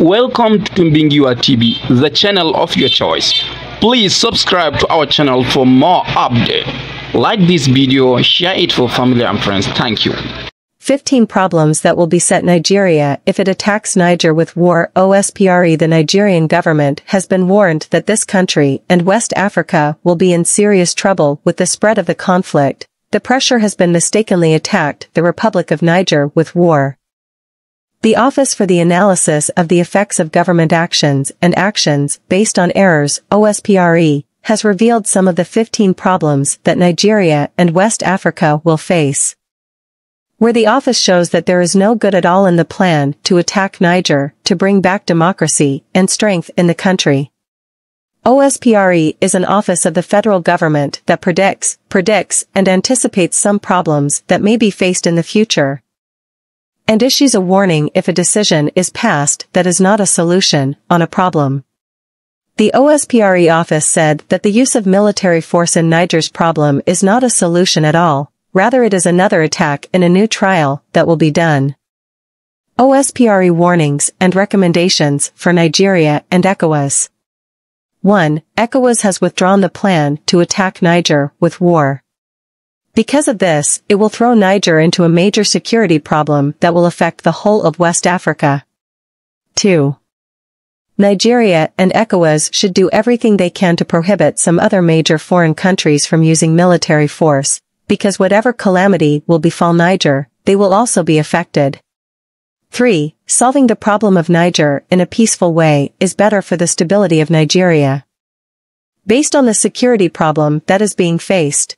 Welcome to Mbingiwa TV, the channel of your choice. Please subscribe to our channel for more update. Like this video, share it for family and friends. Thank you. 15 problems that will beset Nigeria if it attacks Niger with war OSPRE The Nigerian government has been warned that this country and West Africa will be in serious trouble with the spread of the conflict. The pressure has been mistakenly attacked the Republic of Niger with war. The Office for the Analysis of the Effects of Government Actions and Actions Based on Errors, OSPRE, has revealed some of the 15 problems that Nigeria and West Africa will face. Where the office shows that there is no good at all in the plan to attack Niger, to bring back democracy and strength in the country. OSPRE is an office of the federal government that predicts, predicts, and anticipates some problems that may be faced in the future, and issues a warning if a decision is passed that is not a solution on a problem. The OSPRE office said that the use of military force in Niger's problem is not a solution at all, rather it is another attack in a new trial that will be done. OSPRE warnings and recommendations for Nigeria and ECOWAS. 1. ECOWAS has withdrawn the plan to attack Niger with war. Because of this, it will throw Niger into a major security problem that will affect the whole of West Africa. 2. Nigeria and ECOWAS should do everything they can to prohibit some other major foreign countries from using military force, because whatever calamity will befall Niger, they will also be affected. 3. Solving the problem of Niger in a peaceful way is better for the stability of Nigeria. Based on the security problem that is being faced,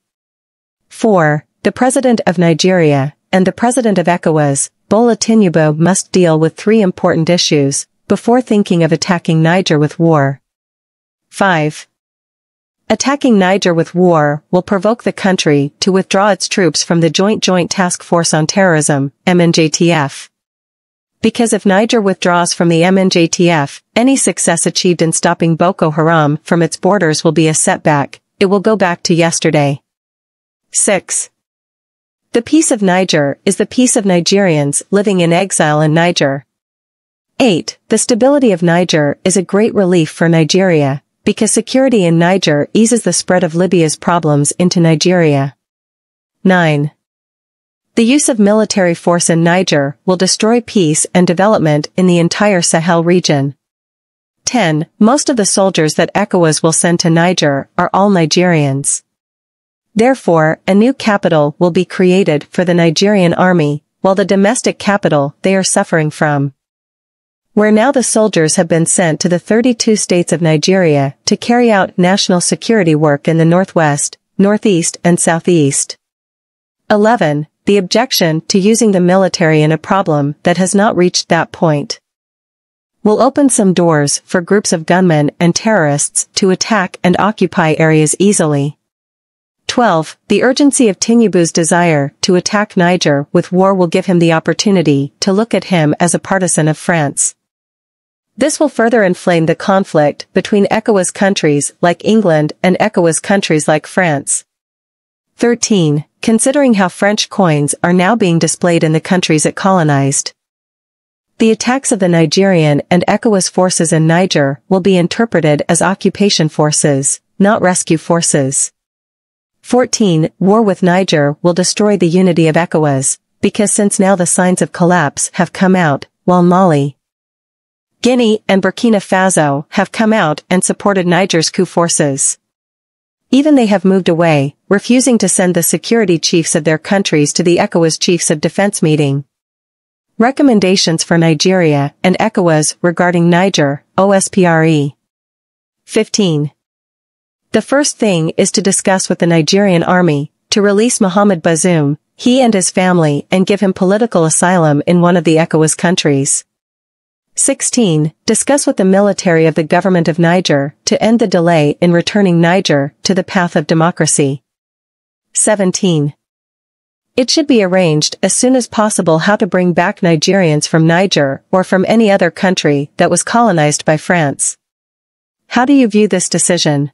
4. The President of Nigeria and the President of ECOWAS, Bola Tinubu must deal with three important issues before thinking of attacking Niger with war. 5. Attacking Niger with war will provoke the country to withdraw its troops from the Joint Joint Task Force on Terrorism, MNJTF. Because if Niger withdraws from the MNJTF, any success achieved in stopping Boko Haram from its borders will be a setback, it will go back to yesterday. 6. The Peace of Niger is the peace of Nigerians living in exile in Niger. 8. The stability of Niger is a great relief for Nigeria, because security in Niger eases the spread of Libya's problems into Nigeria. 9. The use of military force in Niger will destroy peace and development in the entire Sahel region. 10. Most of the soldiers that ECOWAS will send to Niger are all Nigerians. Therefore, a new capital will be created for the Nigerian army, while the domestic capital they are suffering from. Where now the soldiers have been sent to the 32 states of Nigeria to carry out national security work in the northwest, northeast, and southeast. 11. The objection to using the military in a problem that has not reached that point will open some doors for groups of gunmen and terrorists to attack and occupy areas easily, 12. The urgency of Tinubu's desire to attack Niger with war will give him the opportunity to look at him as a partisan of France. This will further inflame the conflict between ECOWAS countries like England and ECOWAS countries like France. 13. Considering how French coins are now being displayed in the countries it colonized, the attacks of the Nigerian and ECOWAS forces in Niger will be interpreted as occupation forces, not rescue forces. 14. War with Niger will destroy the unity of ECOWAS, because since now the signs of collapse have come out, while Mali, Guinea and Burkina Faso have come out and supported Niger's coup forces. Even they have moved away, refusing to send the security chiefs of their countries to the ECOWAS Chiefs of Defense meeting. Recommendations for Nigeria and ECOWAS regarding Niger, OSPRE. 15. The first thing is to discuss with the Nigerian army, to release Mohamed Bazoum, he and his family and give him political asylum in one of the ECOWAS countries. 16. Discuss with the military of the government of Niger to end the delay in returning Niger to the path of democracy. 17. It should be arranged as soon as possible how to bring back Nigerians from Niger or from any other country that was colonized by France. How do you view this decision?